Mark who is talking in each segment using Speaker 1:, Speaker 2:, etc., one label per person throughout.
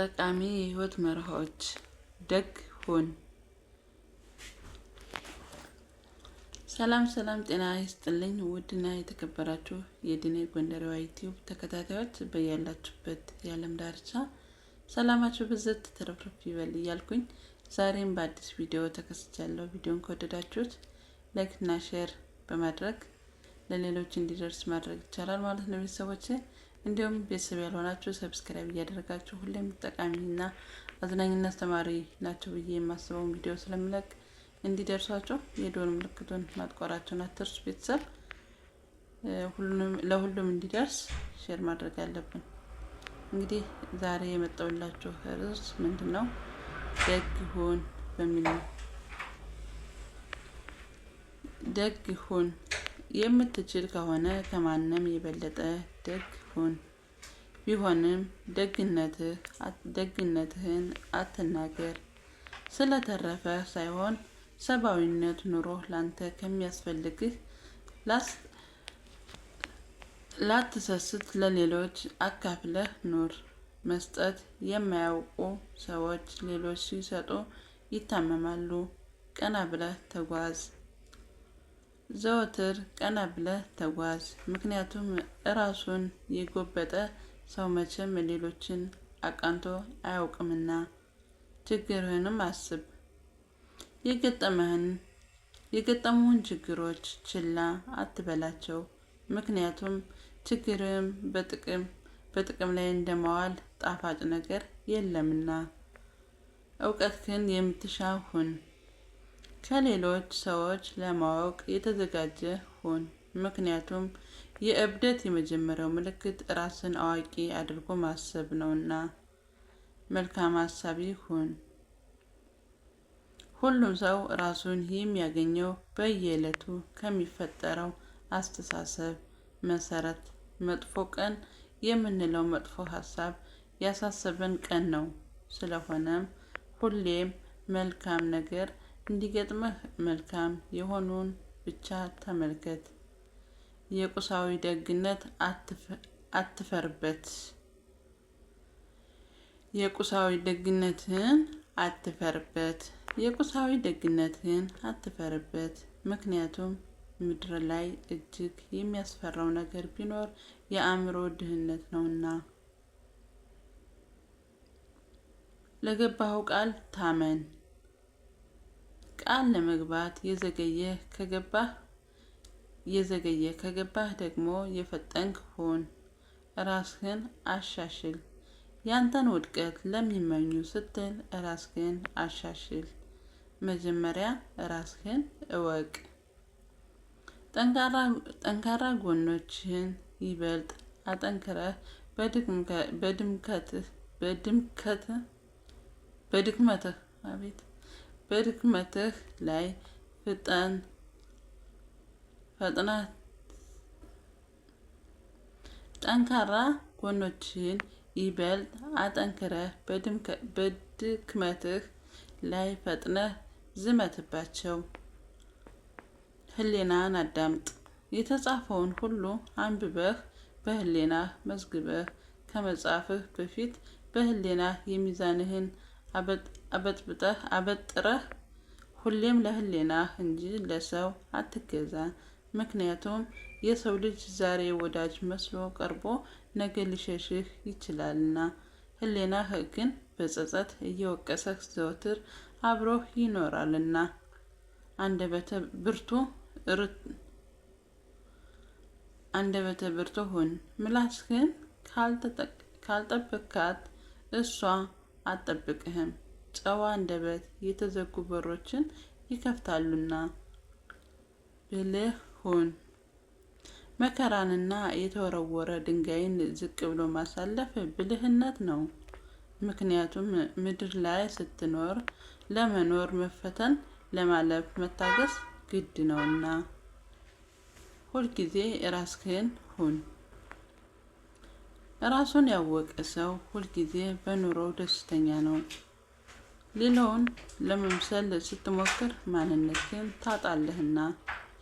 Speaker 1: ጠቃሚ የህይወት መርሆች፣ ደግ ሁን። ሰላም ሰላም፣ ጤና ይስጥልኝ ውድና የተከበራችሁ የድኔ ጎንደሪዋ ዩቲዩብ ተከታታዮች በያላችሁበት የዓለም ዳርቻ ሰላማችሁ ብዝት ትርፍርፍ ይበል እያልኩኝ ዛሬም በአዲስ ቪዲዮ ተከስቻለሁ። ቪዲዮን ከወደዳችሁት ላይክና ሼር በማድረግ ለሌሎች እንዲደርስ ማድረግ ይቻላል ማለት ነው ቤተሰቦቼ እንዲሁም ቤተሰብ ያልሆናችሁ ሰብስክራይብ እያደረጋችሁ ሁሌም ጠቃሚና አዝናኝና አስተማሪ ናቸው ብዬ የማስበውን ቪዲዮ ስለምለቅ እንዲደርሷችሁ የዶን ምልክቱን ማጥቆራችሁን አትርሱ። ቤተሰብ ለሁሉም እንዲደርስ ሼር ማድረግ አለብን። እንግዲህ ዛሬ የመጣሁላችሁ ርዕስ ምንድን ነው? ደግ ሁን በሚል ነው። ደግ ሁን የምትችል ከሆነ ከማንም የበለጠ ደግ ይሁን። ቢሆንም ደግነትህን አትናገር፣ ስለተረፈ ሳይሆን ሰብአዊነት ኑሮ ላንተ ከሚያስፈልግህ ላትሰስት ለሌሎች አካፍለህ ኑር። መስጠት የማያውቁ ሰዎች ሌሎች ሲሰጡ ይታመማሉ። ቀና ብለህ ተጓዝ። ዘወትር ቀና ብለህ ተጓዝ። ምክንያቱም እራሱን የጎበጠ ሰው መቼም ሌሎችን አቃንቶ አያውቅምና። ችግርህንም አስብ። የገጠመህን የገጠሙህን ችግሮች ችላ አትበላቸው። ምክንያቱም ችግርህም በጥቅም በጥቅም ላይ እንደማዋል ጣፋጭ ነገር የለምና። እውቀት የምትሻ ሁን። ከሌሎች ሰዎች ለማወቅ የተዘጋጀ ሁን። ምክንያቱም የእብደት የመጀመሪያው ምልክት ራስን አዋቂ አድርጎ ማሰብ ነውና። መልካም አሳቢ ሁን። ሁሉም ሰው ራሱን የሚያገኘው በየዕለቱ ከሚፈጠረው አስተሳሰብ መሰረት መጥፎ ቀን የምንለው መጥፎ ሀሳብ ያሳሰበን ቀን ነው። ስለሆነም ሁሌም መልካም ነገር እንዲገጥምህ መልካም የሆኑን ብቻ ተመልከት። የቁሳዊ ደግነት አትፈርበት። የቁሳዊ ደግነትን አትፈርበት። የቁሳዊ ደግነትን አትፈርበት። ምክንያቱም ምድር ላይ እጅግ የሚያስፈራው ነገር ቢኖር የአእምሮ ድህነት ነውና። ለገባኸው ቃል ታመን። ቃል ለመግባት የዘገየ ከገባህ የዘገየ ከገባህ ደግሞ የፈጠንክ ሁን። ራስህን አሻሽል። ያንተን ውድቀት ለሚመኙ ስትል ራስህን አሻሽል። መጀመሪያ ራስህን እወቅ። ጠንካራ ጎኖችህን ይበልጥ አጠንክረህ በድክመትህ አቤት በድክመትህ ላይ ፍጠን ፈጥናት ጠንካራ ጎኖችን ይበልጥ አጠንክረህ በድክመትህ ላይ ፈጥነህ ዝመትባቸው። ህሌናን አዳምጥ። የተጻፈውን ሁሉ አንብበህ በህሊና መዝግበህ ከመጻፍህ በፊት በህሊና የሚዛንህን አበጥብጠህ አበጥረህ ሁሌም ለህሊናህ እንጂ ለሰው አትገዛ። ምክንያቱም የሰው ልጅ ዛሬ ወዳጅ መስሎ ቀርቦ ነገ ሊሸሽህ ይችላልና። ህሊናህ ግን በጸጸት እየወቀሰህ ዘወትር አብሮህ ይኖራልና። አንደበተ ብርቱ አንደበተ ብርቱ ሁን። ምላስህን ካልጠበካት እሷ አጠብቅህም። ጨዋ አንደበት የተዘጉ በሮችን ይከፍታሉና። ብልህ ሁን። መከራንና የተወረወረ ድንጋይን ዝቅ ብሎ ማሳለፍ ብልህነት ነው። ምክንያቱም ምድር ላይ ስትኖር ለመኖር መፈተን፣ ለማለፍ መታገስ ግድ ነውና። ሁልጊዜ ራስህን ሁን። ራሱን ያወቀ ሰው ሁልጊዜ በኑሮው ደስተኛ ነው። ሌላውን ለመምሰል ስትሞክር ማንነትን ታጣለህና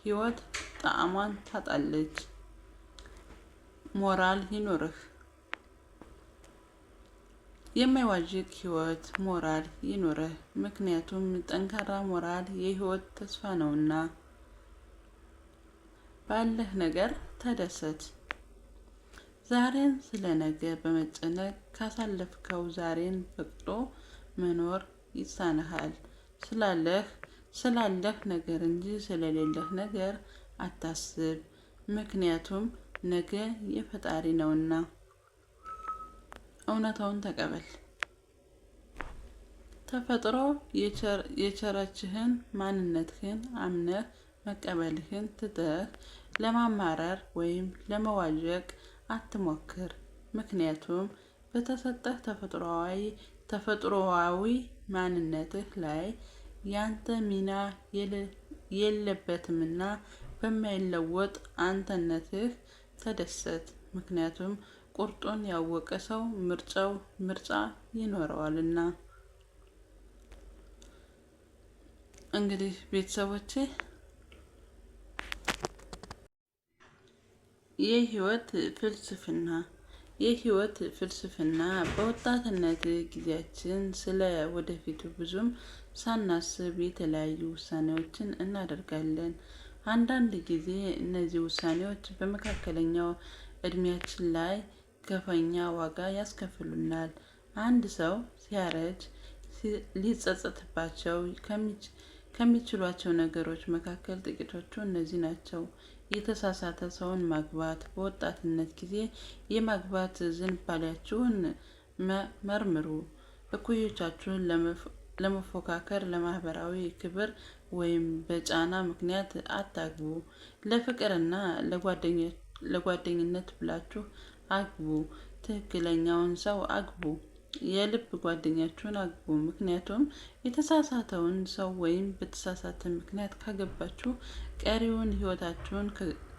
Speaker 1: ህይወት ጣዕሟን ታጣለች። ሞራል ይኑርህ። የማይዋዥቅ ህይወት ሞራል ይኑርህ፣ ምክንያቱም ጠንካራ ሞራል የህይወት ተስፋ ነውና። ባለህ ነገር ተደሰት። ዛሬን ስለ ነገ በመጨነቅ ካሳለፍከው ዛሬን ፈቅዶ መኖር ይሳንሃል። ስላለህ ስላለህ ነገር እንጂ ስለሌለህ ነገር አታስብ፣ ምክንያቱም ነገ የፈጣሪ ነውና። እውነታውን ተቀበል። ተፈጥሮ የቸረችህን ማንነትህን አምነህ መቀበልህን ትተህ ለማማረር ወይም ለመዋዠቅ አትሞክር፣ ምክንያቱም በተሰጠህ ተፈጥሯዊ ተፈጥሮአዊ ማንነትህ ላይ ያንተ ሚና የለበትምና በማይለወጥ አንተነትህ ተደሰት። ምክንያቱም ቁርጡን ያወቀ ሰው ምርጫው ምርጫ ይኖረዋልና። እንግዲህ ቤተሰቦቼ የህይወት ፍልስፍና የህይወት ፍልስፍና በወጣትነት ጊዜያችን ስለ ወደፊቱ ብዙም ሳናስብ የተለያዩ ውሳኔዎችን እናደርጋለን። አንዳንድ ጊዜ እነዚህ ውሳኔዎች በመካከለኛው እድሜያችን ላይ ከፍተኛ ዋጋ ያስከፍሉናል። አንድ ሰው ሲያረጅ ሊጸጸትባቸው ከሚችሏቸው ነገሮች መካከል ጥቂቶቹ እነዚህ ናቸው። የተሳሳተ ሰውን ማግባት፣ በወጣትነት ጊዜ የማግባት ዝንባሌያችሁን መርምሩ። እኩዮቻችሁን ለመፎካከር፣ ለማህበራዊ ክብር ወይም በጫና ምክንያት አታግቡ። ለፍቅርና ለጓደኝነት ብላችሁ አግቡ። ትክክለኛውን ሰው አግቡ። የልብ ጓደኛችሁን አግቡ። ምክንያቱም የተሳሳተውን ሰው ወይም በተሳሳተ ምክንያት ካገባችሁ ቀሪውን ህይወታችሁን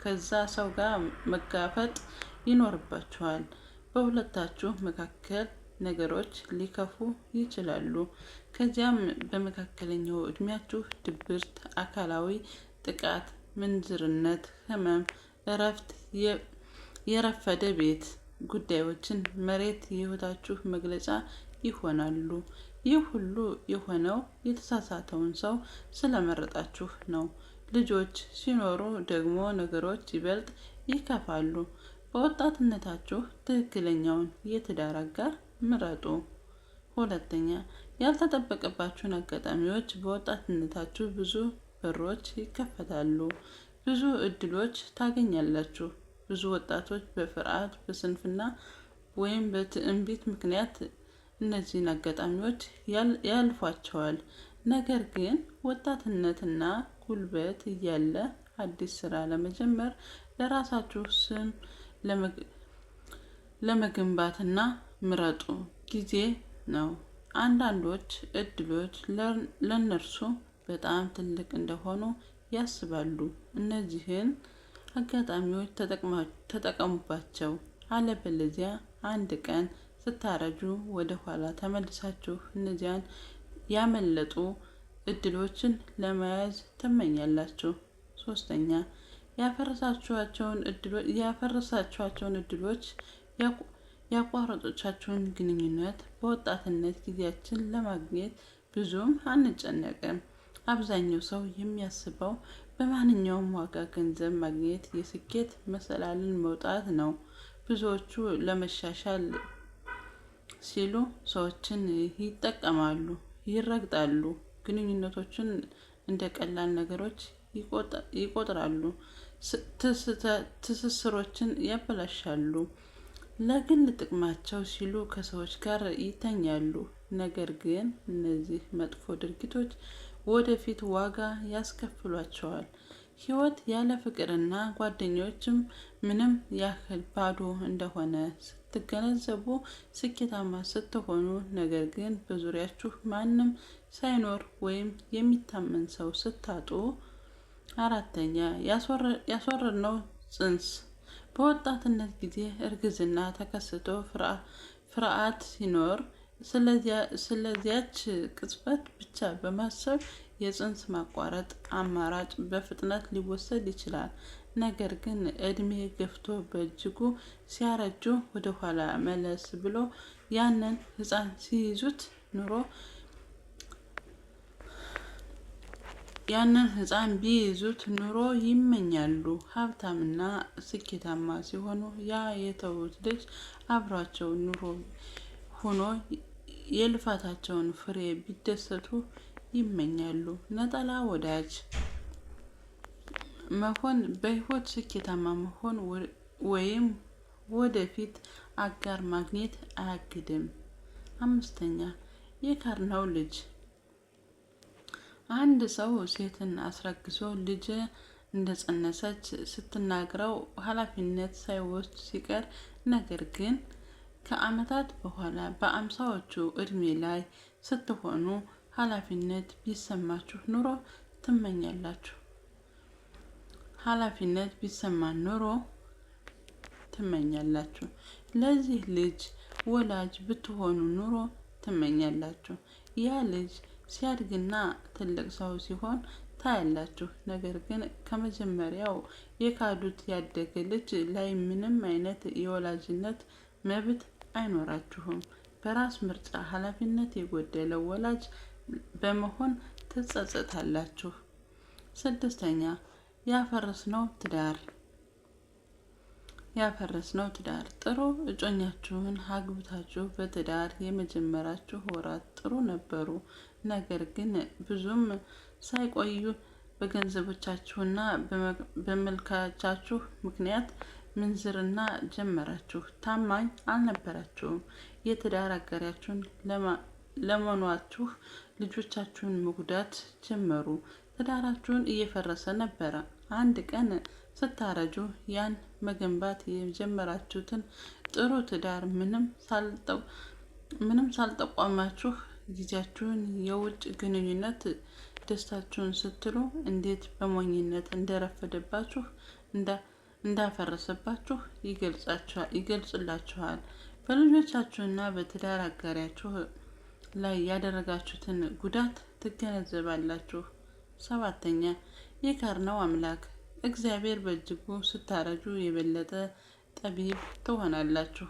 Speaker 1: ከዛ ሰው ጋር መጋፈጥ ይኖርባችኋል። በሁለታችሁ መካከል ነገሮች ሊከፉ ይችላሉ። ከዚያም በመካከለኛው እድሜያችሁ ድብርት፣ አካላዊ ጥቃት፣ ምንዝርነት፣ ህመም፣ እረፍት፣ የረፈደ ቤት ጉዳዮችን መሬት የህይወታችሁ መግለጫ ይሆናሉ። ይህ ሁሉ የሆነው የተሳሳተውን ሰው ስለመረጣችሁ ነው። ልጆች ሲኖሩ ደግሞ ነገሮች ይበልጥ ይከፋሉ። በወጣትነታችሁ ትክክለኛውን የትዳር አጋር ምረጡ። ሁለተኛ፣ ያልተጠበቀባችሁን አጋጣሚዎች በወጣትነታችሁ ብዙ በሮች ይከፈታሉ፣ ብዙ እድሎች ታገኛላችሁ። ብዙ ወጣቶች በፍርሃት፣ በስንፍና ወይም በትዕንቢት ምክንያት እነዚህን አጋጣሚዎች ያልፏቸዋል። ነገር ግን ወጣትነትና ጉልበት እያለ አዲስ ስራ ለመጀመር ለራሳችሁ ስም ለመገንባትና ምረጡ ጊዜ ነው። አንዳንዶች እድሎች ለእነርሱ በጣም ትልቅ እንደሆኑ ያስባሉ። እነዚህን አጋጣሚዎች ተጠቀሙባቸው። አለበለዚያ አንድ ቀን ስታረጁ ወደ ኋላ ተመልሳችሁ እነዚያን ያመለጡ እድሎችን ለመያዝ ትመኛላችሁ። ሶስተኛ ያፈረሳችኋቸውን እድሎች፣ ያቋረጦቻችሁን ግንኙነት በወጣትነት ጊዜያችን ለማግኘት ብዙም አንጨነቅም። አብዛኛው ሰው የሚያስበው በማንኛውም ዋጋ ገንዘብ ማግኘት የስኬት መሰላልን መውጣት ነው። ብዙዎቹ ለመሻሻል ሲሉ ሰዎችን ይጠቀማሉ፣ ይረግጣሉ፣ ግንኙነቶችን እንደ ቀላል ነገሮች ይቆጥራሉ፣ ትስስሮችን ያበላሻሉ፣ ለግል ጥቅማቸው ሲሉ ከሰዎች ጋር ይተኛሉ። ነገር ግን እነዚህ መጥፎ ድርጊቶች ወደፊት ዋጋ ያስከፍሏቸዋል። ህይወት ያለ ፍቅርና ጓደኞችም ምንም ያህል ባዶ እንደሆነ ስትገነዘቡ ስኬታማ ስትሆኑ፣ ነገር ግን በዙሪያችሁ ማንም ሳይኖር ወይም የሚታመን ሰው ስታጡ። አራተኛ ያስወረድነው ጽንስ በወጣትነት ጊዜ እርግዝና ተከስቶ ፍርሃት ሲኖር ስለዚያች ቅጽበት ብቻ በማሰብ የጽንስ ማቋረጥ አማራጭ በፍጥነት ሊወሰድ ይችላል። ነገር ግን እድሜ ገፍቶ በእጅጉ ሲያረጁ ወደኋላ መለስ ብሎ ያንን ህፃን ሲይዙት ኑሮ ያንን ህፃን ቢይዙት ኑሮ ይመኛሉ። ሀብታምና ስኬታማ ሲሆኑ ያ የተዉት ልጅ አብሯቸው ኑሮ ሆኖ የልፋታቸውን ፍሬ ቢደሰቱ ይመኛሉ። ነጠላ ወዳጅ መሆን በህይወት ስኬታማ መሆን ወይም ወደፊት አጋር ማግኘት አያግድም። አምስተኛ የካርናው ልጅ አንድ ሰው ሴትን አስረግዞ ልጅ እንደጸነሰች ስትናግረው ኃላፊነት ሳይወስድ ሲቀር ነገር ግን ከዓመታት በኋላ በአምሳዎቹ እድሜ ላይ ስትሆኑ ኃላፊነት ቢሰማችሁ ኑሮ ትመኛላችሁ። ኃላፊነት ቢሰማ ኑሮ ትመኛላችሁ። ለዚህ ልጅ ወላጅ ብትሆኑ ኑሮ ትመኛላችሁ። ያ ልጅ ሲያድግና ትልቅ ሰው ሲሆን ታያላችሁ። ነገር ግን ከመጀመሪያው የካዱት ያደገ ልጅ ላይ ምንም አይነት የወላጅነት መብት አይኖራችሁም። በራስ ምርጫ ኃላፊነት የጎደለው ወላጅ በመሆን ትጸጸታላችሁ። ስድስተኛ ያፈረስነው ትዳር ያፈረስነው ትዳር። ጥሩ እጮኛችሁን አግብታችሁ በትዳር የመጀመራችሁ ወራት ጥሩ ነበሩ። ነገር ግን ብዙም ሳይቆዩ በገንዘቦቻችሁና በመልካቻችሁ ምክንያት ምንዝርና ጀመራችሁ። ታማኝ አልነበራችሁም። የትዳር አጋሪያችሁን ለመኗችሁ ልጆቻችሁን መጉዳት ጀመሩ። ትዳራችሁን እየፈረሰ ነበረ። አንድ ቀን ስታረጁ ያን መገንባት የጀመራችሁትን ጥሩ ትዳር ምንም ሳልጠቋማችሁ ጊዜያችሁን የውጭ ግንኙነት ደስታችሁን ስትሉ እንዴት በሞኝነት እንደረፈደባችሁ እንዳ እንዳፈረሰባችሁ ይገልጽላችኋል። በልጆቻችሁና በትዳር አጋሪያችሁ ላይ ያደረጋችሁትን ጉዳት ትገነዘባላችሁ። ሰባተኛ የካርነው አምላክ እግዚአብሔር በእጅጉ ስታረጁ የበለጠ ጠቢብ ትሆናላችሁ።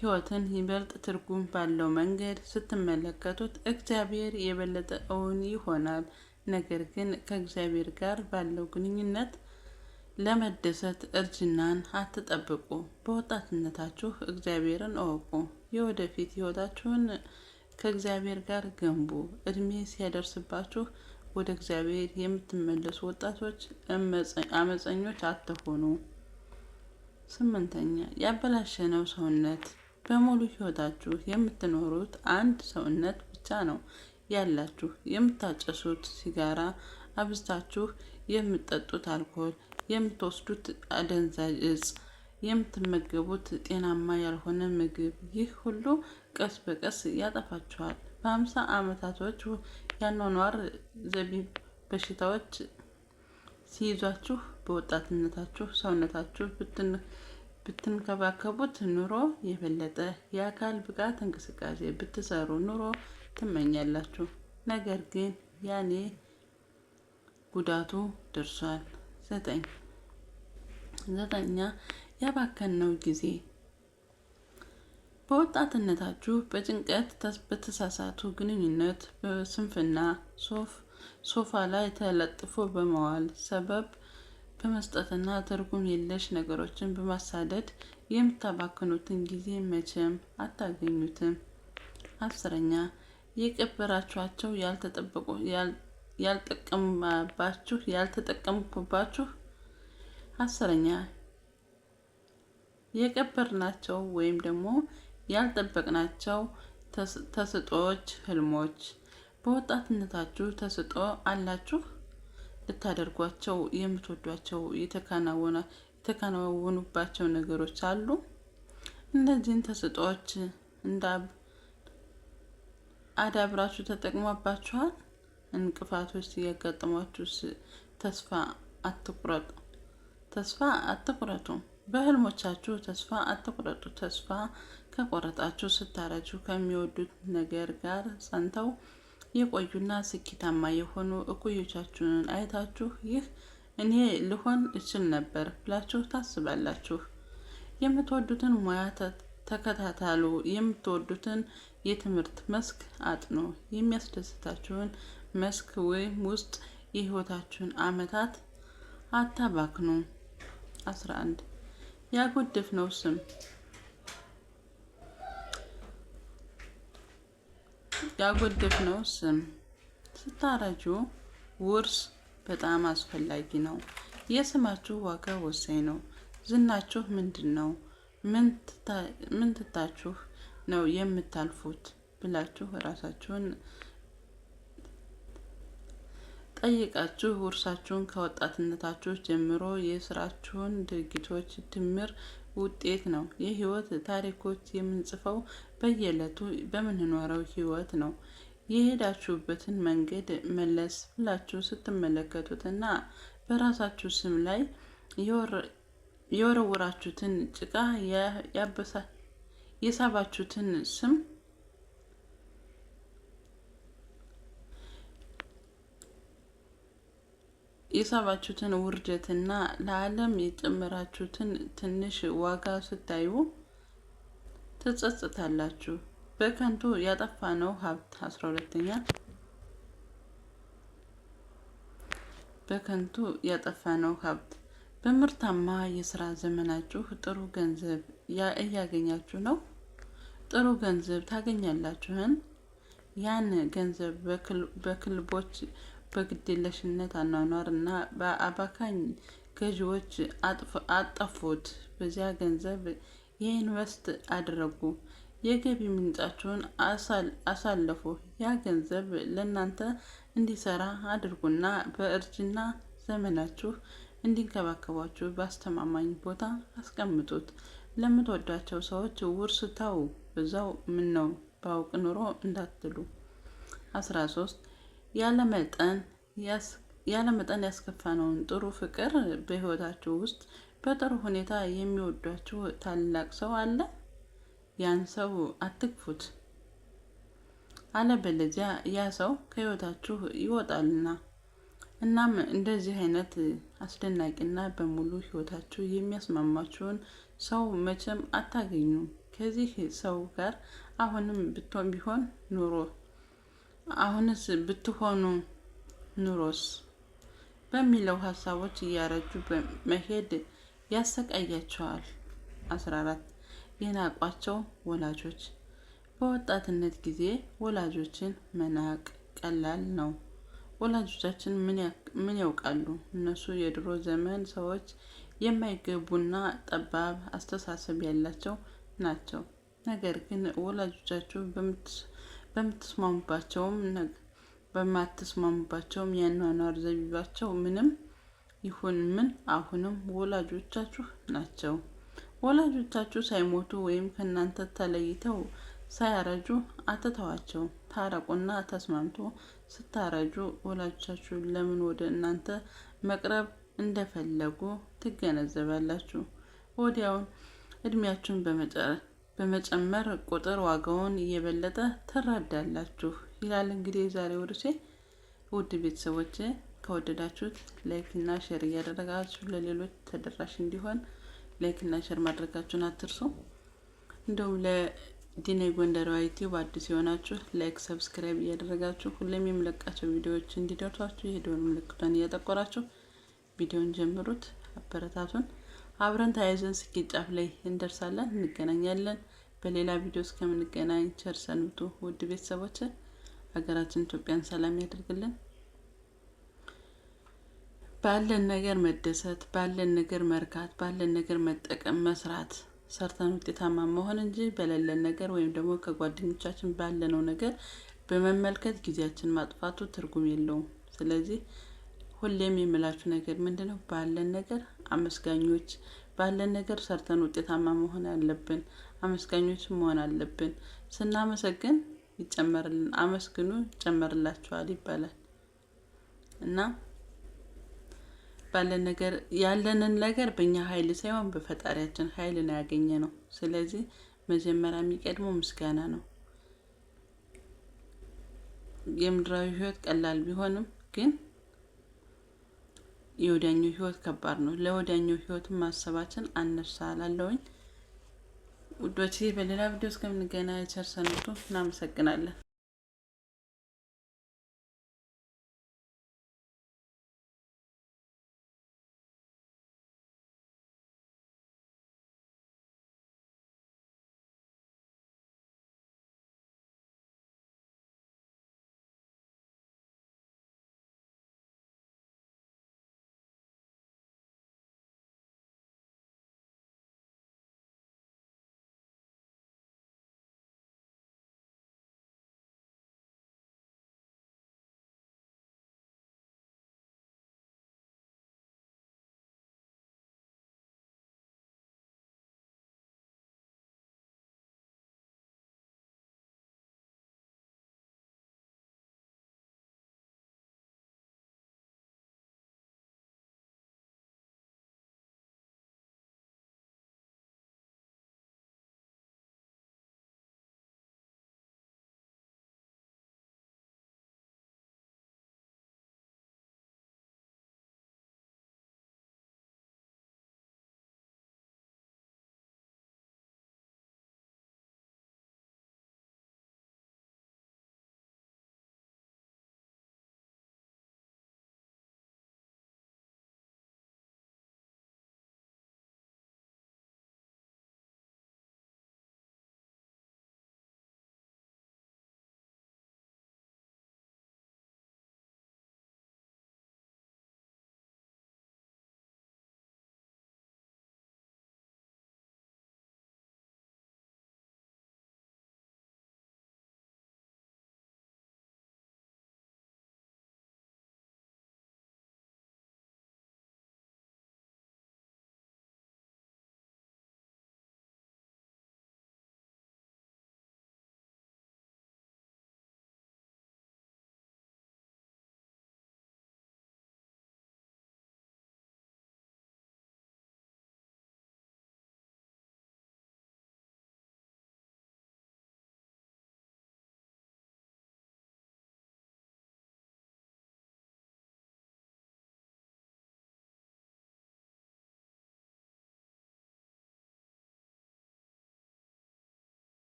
Speaker 1: ሕይወትን ይበልጥ ትርጉም ባለው መንገድ ስትመለከቱት እግዚአብሔር የበለጠ እውን ይሆናል። ነገር ግን ከእግዚአብሔር ጋር ባለው ግንኙነት ለመደሰት እርጅናን አትጠብቁ። በወጣትነታችሁ እግዚአብሔርን እወቁ። የወደፊት ሕይወታችሁን ከእግዚአብሔር ጋር ገንቡ። እድሜ ሲያደርስባችሁ ወደ እግዚአብሔር የምትመለሱ ወጣቶች አመፀኞች አትሆኑ። ስምንተኛ ያበላሸነው ሰውነት በሙሉ ሕይወታችሁ የምትኖሩት አንድ ሰውነት ብቻ ነው ያላችሁ። የምታጨሱት ሲጋራ፣ አብዝታችሁ የምትጠጡት አልኮል የምትወስዱት አደንዛዥ እጽ፣ የምትመገቡት ጤናማ ያልሆነ ምግብ፣ ይህ ሁሉ ቀስ በቀስ ያጠፋችኋል። በሀምሳ ዓመታቶች ያኗኗር ዘቢብ በሽታዎች ሲይዟችሁ በወጣትነታችሁ ሰውነታችሁ ብትንከባከቡት ኑሮ የበለጠ የአካል ብቃት እንቅስቃሴ ብትሰሩ ኑሮ ትመኛላችሁ። ነገር ግን ያኔ ጉዳቱ ደርሷል። ዘጠኝ ዘጠኛ ያባከነው ጊዜ በወጣትነታችሁ በጭንቀት በተሳሳቱ ግንኙነት፣ በስንፍና ሶፋ ላይ ተለጥፎ በመዋል ሰበብ በመስጠትና ትርጉም የለሽ ነገሮችን በማሳደድ የምታባክኑትን ጊዜ መቼም አታገኙትም። አስረኛ የቀበራችኋቸው ያልጠቀምባችሁ ያልተጠቀምኩባችሁ አስረኛ የቀበርናቸው ወይም ደግሞ ያልጠበቅናቸው ተስጦዎች፣ ህልሞች በወጣትነታችሁ ተስጦ አላችሁ ልታደርጓቸው የምትወዷቸው የተከናወኑባቸው ነገሮች አሉ። እነዚህን ተስጦዎች እንዳ አዳብራችሁ ተጠቅሟባችኋል። እንቅፋቶች ሲያጋጥሟችሁ ተስፋ አትቁረጡ። ተስፋ አትቁረጡ። በህልሞቻችሁ ተስፋ አትቁረጡ። ተስፋ ከቆረጣችሁ ስታረጁ ከሚወዱት ነገር ጋር ጸንተው የቆዩና ስኬታማ የሆኑ እኩዮቻችሁን አይታችሁ ይህ እኔ ልሆን እችል ነበር ብላችሁ ታስባላችሁ። የምትወዱትን ሙያ ተከታታሉ። የምትወዱትን የትምህርት መስክ አጥኑ። የሚያስደስታችሁን መስክ ወይም ውስጥ የህይወታችሁን አመታት አታባክኑ። 11 ያጎደፍነው ስም ነው ስም ስታረጁ ውርስ በጣም አስፈላጊ ነው። የስማችሁ ዋጋ ወሳኝ ነው። ዝናችሁ ምንድን ነው? ምን ትታችሁ ነው የምታልፉት? ብላችሁ እራሳችሁን ጠይቃችሁ ውርሳችሁን ከወጣትነታችሁ ጀምሮ የስራችሁን ድርጊቶች ድምር ውጤት ነው። የህይወት ታሪኮች የምንጽፈው በየዕለቱ በምንኖረው ህይወት ነው። የሄዳችሁበትን መንገድ መለስ ብላችሁ እና በራሳችሁ ስም ላይ የወረወራችሁትን ጭቃ፣ የሳባችሁትን ስም የሳባችሁትን ውርደትና ለዓለም የጨመራችሁትን ትንሽ ዋጋ ስታዩ ትጸጸታላችሁ። በከንቱ ነው ሀብት አስራ ሁለተኛ በከንቱ ነው ሀብት በምርታማ የስራ ዘመናችሁ ጥሩ ገንዘብ እያገኛችሁ ነው። ጥሩ ገንዘብ ታገኛላችሁን? ያን ገንዘብ በክልቦች በግዴለሽነት አኗኗር እና በአባካኝ ገዢዎች አጠፉት። በዚያ ገንዘብ የኢንቨስት አደረጉ፣ የገቢ ምንጫቸውን አሳለፉ። ያ ገንዘብ ለእናንተ እንዲሰራ አድርጉና በእርጅና ዘመናችሁ እንዲንከባከቧችሁ በአስተማማኝ ቦታ አስቀምጡት። ለምትወዷቸው ሰዎች ውርስ ተው። በዛው ምን ነው ባውቅ ኑሮ እንዳትሉ። አስራ ሶስት ያለመጠን ያስከፋነውን ጥሩ ፍቅር በህይወታችሁ ውስጥ በጥሩ ሁኔታ የሚወዷችሁ ታላቅ ሰው አለ። ያን ሰው አትግፉት፣ አለበለዚያ ያ ሰው ከህይወታችሁ ይወጣልና። እናም እንደዚህ አይነት አስደናቂና በሙሉ ህይወታችሁ የሚያስማማችሁን ሰው መቼም አታገኙም። ከዚህ ሰው ጋር አሁንም ብቶም ቢሆን ኑሮ አሁንስ ብትሆኑ ኑሮስ በሚለው ሀሳቦች እያረጁ መሄድ ያሰቃያቸዋል። አስራ አራት የናቋቸው ወላጆች በወጣትነት ጊዜ ወላጆችን መናቅ ቀላል ነው። ወላጆቻችን ምን ያውቃሉ? እነሱ የድሮ ዘመን ሰዎች የማይገቡና ጠባብ አስተሳሰብ ያላቸው ናቸው። ነገር ግን ወላጆቻችሁ በምት በምትስማሙባቸውም በማትስማሙባቸውም የአኗኗር ዘይቤያቸው ምንም ይሁን ምን አሁንም ወላጆቻችሁ ናቸው። ወላጆቻችሁ ሳይሞቱ ወይም ከእናንተ ተለይተው ሳያረጁ አትተዋቸው። ታረቁና ተስማምቶ ስታረጁ ወላጆቻችሁ ለምን ወደ እናንተ መቅረብ እንደፈለጉ ትገነዘባላችሁ። ወዲያውን እድሜያችሁን በመጨረስ በመጨመር ቁጥር ዋጋውን እየበለጠ ትረዳላችሁ ይላል። እንግዲህ የዛሬው ርዕሴ ውድ ቤተሰቦች ከወደዳችሁት ላይክ እና ሼር እያደረጋችሁ ለሌሎች ተደራሽ እንዲሆን ላይክ እና ሼር ማድረጋችሁን አትርሱ። እንዲሁም ለዲኔ ጎንደር ዩቲዩብ አዲስ የሆናችሁ ላይክ፣ ሰብስክራይብ እያደረጋችሁ ሁሌም የምለቃቸው ቪዲዮዎች እንዲደርሷችሁ የደወል ምልክቷን እያጠቆራችሁ ቪዲዮን ጀምሩት፣ አበረታቱን። አብረን ተያይዘን ስኬት ጫፍ ላይ እንደርሳለን። እንገናኛለን በሌላ ቪዲዮ እስከምንገናኝ ቸር ሰንብቱ ውድ ቤተሰቦች። ሀገራችን ኢትዮጵያን ሰላም ያደርግልን። ባለን ነገር መደሰት፣ ባለን ነገር መርካት፣ ባለን ነገር መጠቀም፣ መስራት፣ ሰርተን ውጤታማ መሆን እንጂ በሌለን ነገር ወይም ደግሞ ከጓደኞቻችን ባለነው ነገር በመመልከት ጊዜያችን ማጥፋቱ ትርጉም የለውም። ስለዚህ ሁሌም የምላችሁ ነገር ምንድነው? ባለን ነገር አመስጋኞች፣ ባለን ነገር ሰርተን ውጤታማ መሆን አለብን። አመስጋኞች መሆን አለብን። ስናመሰግን ይጨመርልን፣ አመስግኑ ይጨመርላችኋል ይባላል እና ባለን ነገር ያለንን ነገር በእኛ ኃይል ሳይሆን በፈጣሪያችን ኃይል ነው ያገኘ ነው። ስለዚህ መጀመሪያ የሚቀድመው ምስጋና ነው። የምድራዊ ህይወት ቀላል ቢሆንም ግን የወዳኙ ህይወት ከባድ ነው። ለወዳኙ ህይወት ማሰባችን አነርሳ ላለውኝ ውዶች፣ በሌላ ቪዲዮ እስከምንገናኝ ቸር ሰንብቱ። እናመሰግናለን።